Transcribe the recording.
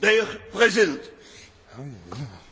de heer president. Oh,